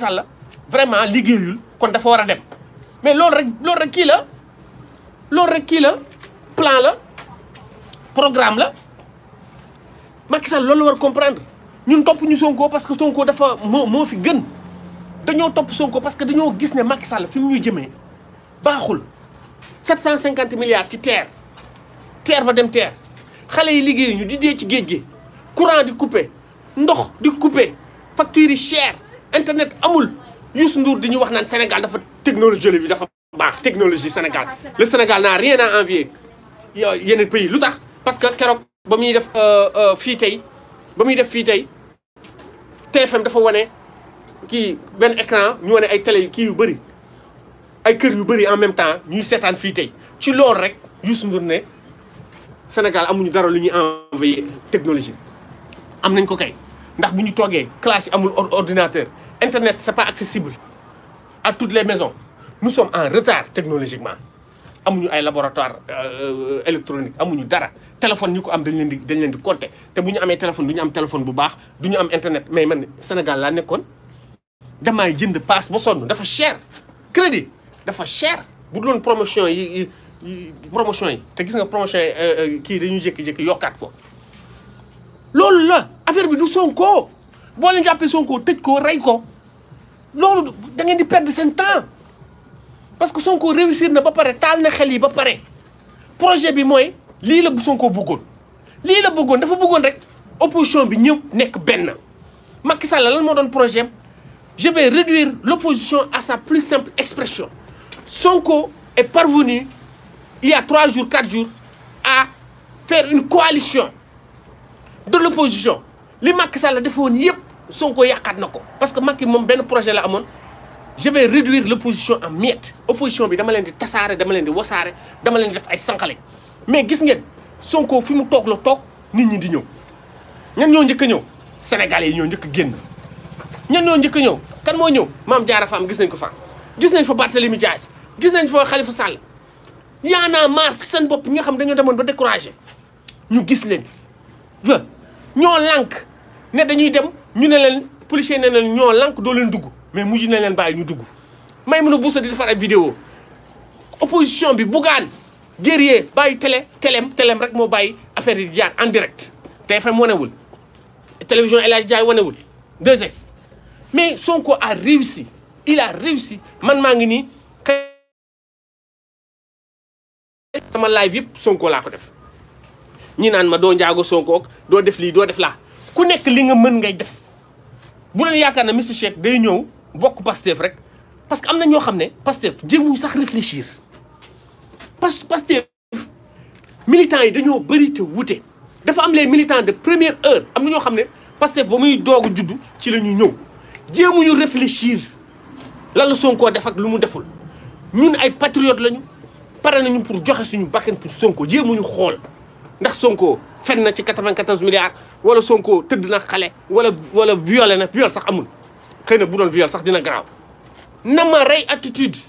Sall vraiment liggéeyul kon dafa wara dem mais lool rek lool rek kii la lool rek kii la plan la programme la Macky Sall loolu war comprendre ñun topp ñu Sonko parce que Sonko dafa moo moo fi gën dañoo topp Sonko parce que dañoo gis ne Macky Sall fi mu ñu jëmee baaxul 750 milliards ci terre terre ba dem terre xale yi liggéeyuñu di dee ci géej courant di coupé ndox di coupé facture yi cher. internet amul yu Ndour di ñu wax naan Sénégal dafa technologie bi dafa baax technologie Sénégal le Sénégal n'a rien à envier yeneen pays lu tax parce que keroog ba muy def euh, euh, fii tey ba muy def fii tey TFM dafa wane kii benn écran ñu wane ay télé yu kii yu bëri ay kër yu bëri en même temps ñuy seetaan fii tey ci loolu rek Youssou Ndour ne Sénégal amuñu dara lu ñuy envoyé technologie am nañ ko kay ndax bu ñu toogee classe yi amul ordinateur Internet, ce n'est pas accessible à toutes les maisons. Nous sommes en retard technologiquement. Nous avons un laboratoire euh, euh, électronique, nous avons dara. téléphone, nous avons des comptes. Nous avons un téléphone, nous avons un téléphone, nous avons Internet. Mais man, Sénégal, là, nous avons c'est cher crédit c'est cher promotion une promotion promotion qui C'est euh, affaire bi lolu da ngeen di perdre sen temps parce que Sonko réussir na ba paré tal na xel yi ba paré projet bi moy li la Sonko bëggoon li la bëggoon dafa bëggoon rek opposition bi ñëw nek ben Macky Sall lan mo doon projet je vais réduire l'opposition à sa plus simple expression Sonko est parvenu il y a 3 jours 4 jours à faire une coalition de l'opposition li Macky Sall defoon Sonko yakat nako parce que Macky mom ben projet la amone je vais réduire l'opposition en miettes opposition bi dama len di tasaare dama len di wasaare dama len di def ay sankalé mais gis ngeen Sonko fimu tok toog la toog nit ñi di ñew ñan ñoo ñëk ñew sénégalais ñoo ñëk genn ñan ñoo ñëk ñew kan mo ñëw mam jaara faam gis nañ ko fa gis nañ fa Barthélemy Dias gis nañ fa Khalifa Sall yaanaa mars sen bop ñi xam dañu demone ba décourager ñu gis leen ñoo lank ne dañuy dem ñu ne leen policier ne leen ñoo lank doo leen dugg mais mujj na leen bàyyi ñu dugg mënu Bousso di defar ay vidéo opposition bi Bougane guerrier bàyyi télé télém télém rek moo bàyyi affaire yi jaar en direct TFM wanewul télévision El Hadj Diaye wanewul 2S mais Sonko a réussi il a réussi man maa ngi nii sama live yëpp Sonko laa ko def ñi naan ma doo njaago Sonko doo def lii doo def laa ku nekk li nga mën ngay def si vous yaakaar ne day bokk rek parce que am na que ne Pastef sax réfléchir parce Les militants yi dañoo les militants de première heure que ne juddu ci la ñu Dieu réfléchir Sonko patriotes lañu pour joxe suñu pour Sonko bien ndax Sonko. fen na ci 94 milliards wala Sonko tëdd na xale wala wala violé na viol sax amul xëy na bu doon viol sax dina garaaw na ma rey attitude